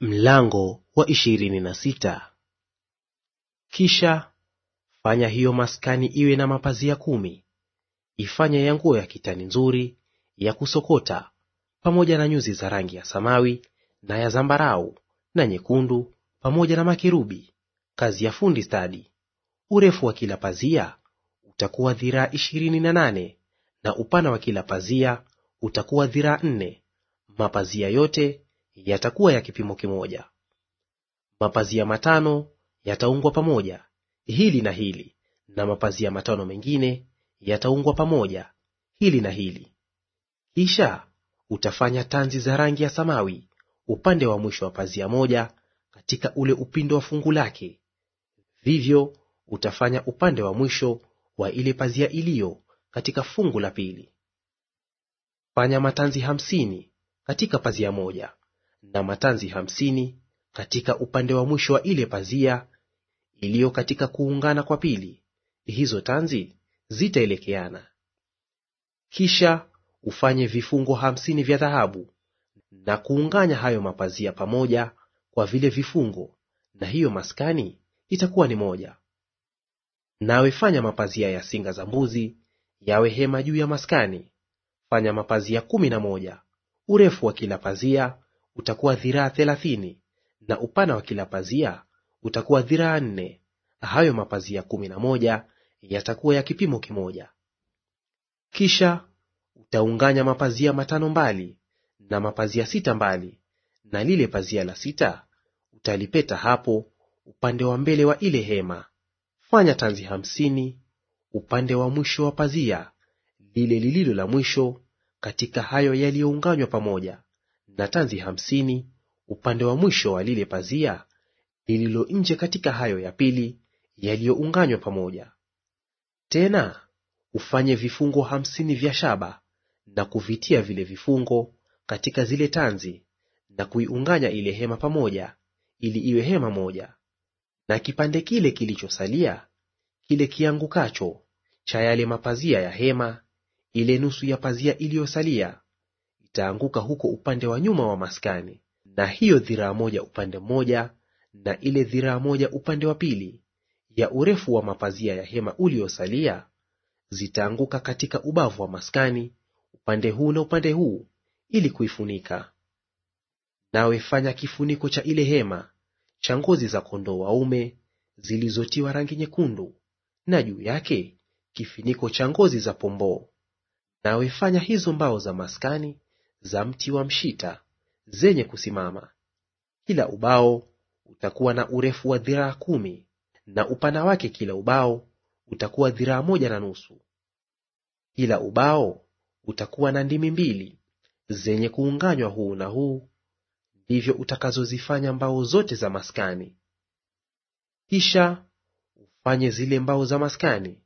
Mlango wa ishirini na sita. Kisha fanya hiyo maskani iwe na mapazia kumi, ifanye ya nguo ya kitani nzuri ya kusokota, pamoja na nyuzi za rangi ya samawi na ya zambarau na nyekundu, pamoja na makerubi, kazi ya fundi stadi. Urefu wa kila pazia utakuwa dhiraa ishirini na nane na upana wa kila pazia utakuwa dhiraa nne. Mapazia yote yatakuwa ya kipimo kimoja. Mapazia matano yataungwa pamoja, hili na hili, na mapazia matano mengine yataungwa pamoja, hili na hili. Kisha utafanya tanzi za rangi ya samawi upande wa mwisho wa pazia moja katika ule upindo wa fungu lake. Vivyo utafanya upande wa mwisho wa ile pazia iliyo katika fungu la pili. Fanya matanzi hamsini katika pazia moja na matanzi hamsini katika upande wa mwisho wa ile pazia iliyo katika kuungana kwa pili; hizo tanzi zitaelekeana. Kisha ufanye vifungo hamsini vya dhahabu na kuunganya hayo mapazia pamoja kwa vile vifungo, na hiyo maskani itakuwa ni moja. Nawe fanya mapazia ya singa za mbuzi yawe hema juu ya maskani. Fanya mapazia kumi na moja, urefu wa kila pazia utakuwa dhiraa thelathini na upana wa kila pazia utakuwa dhiraa nne. Hayo mapazia kumi na moja yatakuwa ya kipimo kimoja. Kisha utaunganya mapazia matano mbali na mapazia sita mbali, na lile pazia la sita utalipeta hapo upande wa mbele wa ile hema. Fanya tanzi hamsini upande wa mwisho wa pazia lile lililo la mwisho katika hayo yaliyounganywa pamoja na tanzi hamsini upande wa mwisho wa lile pazia lililo nje katika hayo ya pili yaliyounganywa pamoja. Tena ufanye vifungo hamsini vya shaba na kuvitia vile vifungo katika zile tanzi na kuiunganya ile hema pamoja, ili iwe hema moja. Na kipande kile kilichosalia, kile kiangukacho cha yale mapazia ya hema, ile nusu ya pazia iliyosalia itaanguka huko upande wa nyuma wa maskani, na hiyo dhiraa moja upande mmoja na ile dhiraa moja upande wa pili ya urefu wa mapazia ya hema uliosalia zitaanguka katika ubavu wa maskani upande huu na upande huu, ili kuifunika. Nawe fanya kifuniko cha ile hema cha ngozi za kondoo waume zilizotiwa rangi nyekundu, na juu yake kifuniko cha ngozi za pomboo. Nawe fanya hizo mbao za maskani za mti wa mshita zenye kusimama. Kila ubao utakuwa na urefu wa dhiraa kumi na upana wake kila ubao utakuwa dhiraa moja na nusu. Kila ubao utakuwa na ndimi mbili zenye kuunganywa huu na huu; ndivyo utakazozifanya mbao zote za maskani. Kisha ufanye zile mbao za maskani,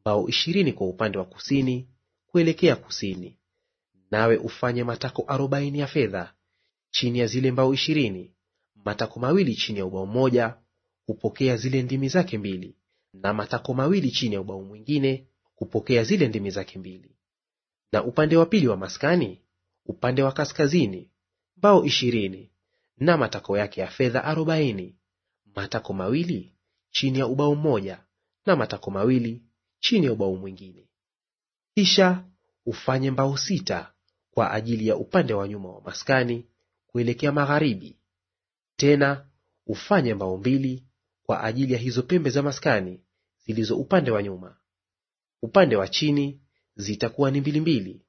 mbao ishirini kwa upande wa kusini kuelekea kusini nawe ufanye matako arobaini ya fedha chini ya zile mbao ishirini, matako mawili chini ya ubao mmoja hupokea zile ndimi zake mbili, na matako mawili chini ya ubao mwingine hupokea zile ndimi zake mbili. Na upande wa pili wa maskani, upande wa kaskazini, mbao ishirini na matako yake ya fedha arobaini, matako mawili chini ya ubao mmoja na matako mawili chini ya ubao mwingine. Kisha ufanye mbao sita kwa ajili ya upande wa nyuma wa maskani kuelekea magharibi. Tena ufanye mbao mbili kwa ajili ya hizo pembe za maskani zilizo upande wa nyuma. Upande wa chini zitakuwa ni mbili mbili,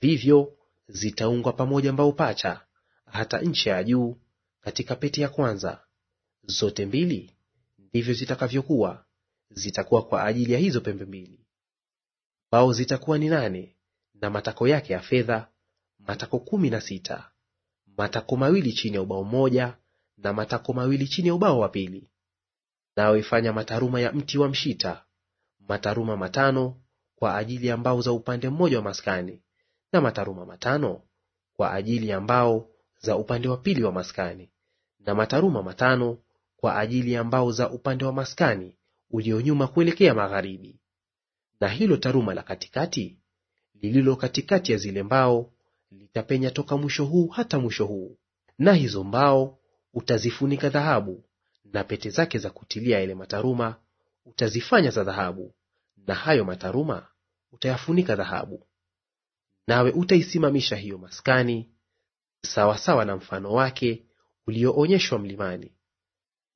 vivyo zitaungwa pamoja mbao pacha hata ncha ya juu katika peti ya kwanza. Zote mbili ndivyo zitakavyokuwa; zitakuwa kwa ajili ya hizo pembe mbili. Mbao zitakuwa ni nane na matako yake ya fedha matako kumi na sita matako mawili chini ya ubao mmoja na matako mawili chini ya ubao wa pili. Nawe ifanya mataruma ya mti wa mshita mataruma matano kwa ajili ya mbao za upande mmoja wa maskani na mataruma matano kwa ajili ya mbao za upande wa pili wa maskani na mataruma matano kwa ajili ya mbao za upande wa maskani ulio nyuma kuelekea magharibi. Na hilo taruma la katikati lililo katikati ya zile mbao litapenya toka mwisho huu hata mwisho huu, na hizo mbao utazifunika dhahabu, na pete zake za kutilia yale mataruma utazifanya za dhahabu, na hayo mataruma utayafunika dhahabu. Nawe utaisimamisha hiyo maskani sawasawa sawa na mfano wake ulioonyeshwa mlimani.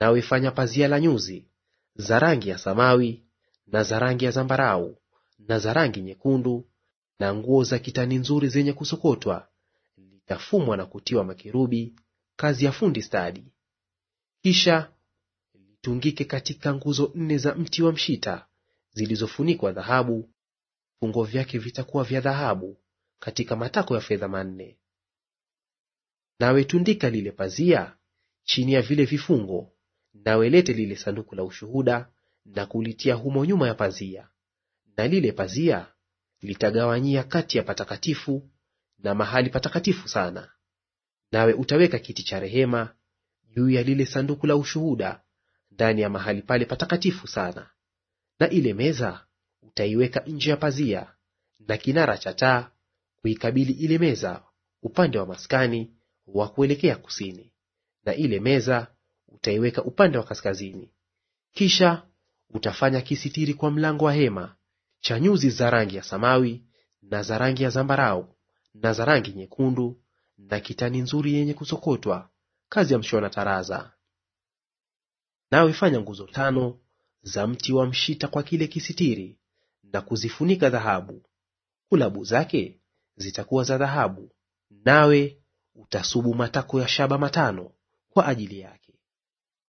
Nawe fanya pazia la nyuzi za rangi ya samawi na za rangi ya zambarau na za rangi nyekundu na nguo za kitani nzuri zenye kusokotwa, litafumwa na kutiwa makerubi, kazi ya fundi stadi. Kisha litungike katika nguzo nne za mti wa mshita zilizofunikwa dhahabu. Vifungo vyake vitakuwa vya dhahabu katika matako ya fedha manne. Nawe tundika lile pazia chini ya vile vifungo, nawe lete lile sanduku la ushuhuda na kulitia humo nyuma ya pazia, na lile pazia litagawanyia kati ya patakatifu na mahali patakatifu sana. Nawe utaweka kiti cha rehema juu ya lile sanduku la ushuhuda ndani ya mahali pale patakatifu sana. Na ile meza utaiweka nje ya pazia, na kinara cha taa kuikabili ile meza upande wa maskani wa kuelekea kusini, na ile meza utaiweka upande wa kaskazini. Kisha utafanya kisitiri kwa mlango wa hema cha nyuzi za rangi ya samawi na za rangi ya zambarau na za rangi nyekundu na kitani nzuri yenye kusokotwa, kazi ya mshona taraza. Nawe fanya nguzo tano za mti wa mshita kwa kile kisitiri na kuzifunika dhahabu. Kulabu zake zitakuwa za dhahabu, nawe utasubu matako ya shaba matano kwa ajili yake.